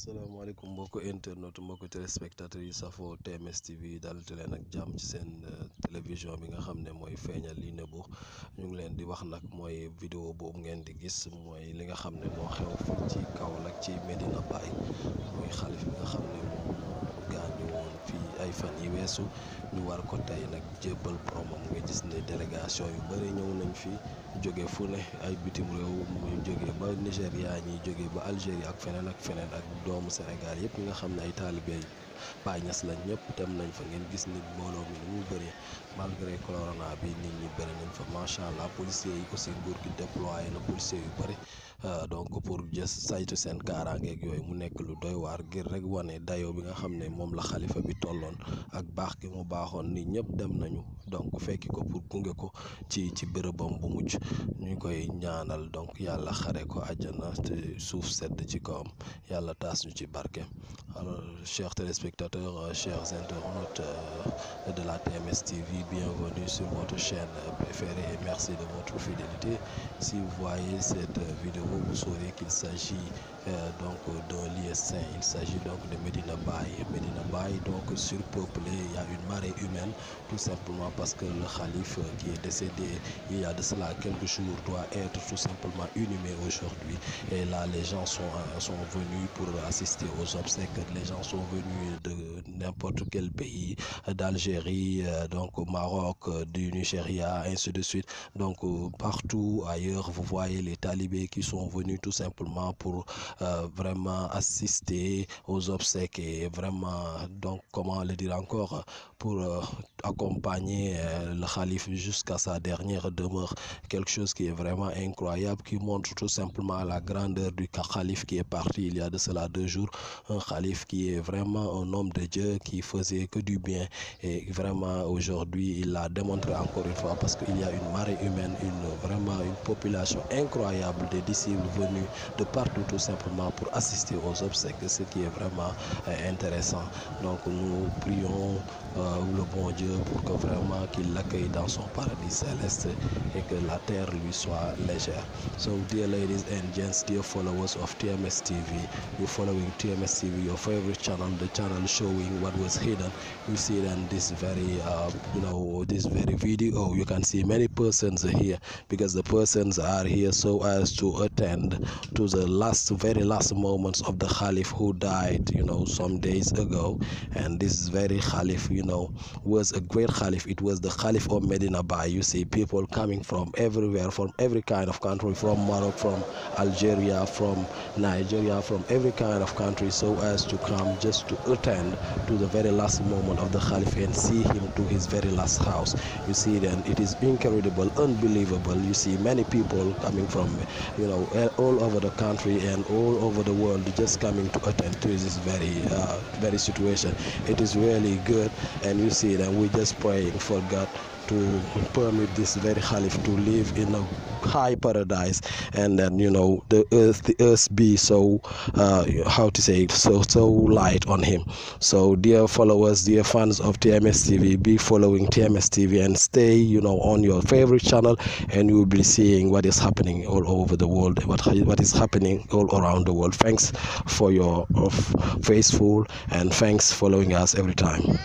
salaamaaleykum mbokki internet mbokki téléspectateur yi safoo TMS TV daal di leen ak jàmm ci seen euh, télévision bi nga xam ne mooy feeñal yi nëbbu ñu ngi leen di wax nag mooy video boobu ngeen di gis mooy li nga xam ne moo xew fii ci Kaolack ci Medina Baye mooy xalif nga xam ne ñu woon fii ay fan yi weesu ñu war ko tey nag jébbal boromam nga gis ne délégation yu bëri ñëw nañ fi jóge fu ne ay bitim réew muy jóge ba Nigéria ñuy jóge ba Algérie ak feneen ak feneen ak doomu senegal yëpp ñi nga xam ne ay taalibe Baay Ñas lañ ñëpp dem nañ fa ngeen gis nit mbooloo mi ni mu bëri malgré corona bi nit ñi bëri fa macha allah policiers yi aussi nguur gi déployé na policiers yu bëri. Euh, donc pour jës saytu seen kaaraangeeg yooyu mu nekk lu doy waar ngir rek wane dayo bi nga xam ne moom la xalifa bi tolloon ak baax gi mu baaxoon ni ñëpp dem nañu donc fekki ko pour gunge ko ci ci bërëbam bu mujj ñu koy ñaanal donc yàlla xare ko àjjana te suuf sedd ci kawam yàlla taas ñu ci barke alors chers téléspectateurs euh, chers internautes euh, de la TMS TV bienvenue sur votre chaîne préférée et merci de votre fidélité si vous voyez vidéo vous euh, parce que euh, qui est décédé il y a de cela quelques jours doit être tout simplement inhumé aujourd'hui. Et là, les gens sont, euh, venus pour assister aux obsèques. Les gens sont venus de n'importe quel pays, d'Algérie, Maroc, du Nigeria, ainsi partout ailleurs, vous voyez les talibés qui sont sont venus tout simplement pour euh, vraiment assister aux obsèques et vraiment, donc, comment le dire encore, pour euh, accompagner euh, le calife jusqu'à sa dernière demeure. Quelque chose qui est vraiment incroyable, qui montre tout simplement la grandeur du calife qui est parti il y a de cela deux jours. Un calife qui est vraiment un homme de Dieu qui faisait que du bien. Et vraiment, aujourd'hui, il l'a démontré encore une fois parce qu'il y a une marée humaine, une, population incroyable de disciples venus de partout tout simplement pour assister aux obsèques, ce qui est euh, pour la terre lui soit légère. So dear ladies and gents, dear followers of TMS TV, your favorite channel, the channel showing what was hidden. Uh, you see it this video. You can see many persons here because the persons are here so as to attend to the last, very last moments of the Khalif who died, some days ago. And this very Khalif, was a great Caliph, it was the Caliph of Medina Bay. You see people coming from everywhere, from every kind of country, from Morocco, from Algeria, from Nigeria, from every kind of country, so as to come the very last moment of the Caliph and see him to his very last house. You see, then it is unbelievable. You see many people coming from, all over the country and all over the world just coming to attend to this very, uh, situation. It is really good, and you see that religious praying for God to permit this very Khalif to live in a high paradise and then you know the earth the earth be so uh, how to say it, so so light on him so dear followers dear fans of tms tv be following tms tv and stay you know on your favorite channel and you will be seeing what is happening all over the world what what is happening all around the world thanks for your faithful and thanks following us every time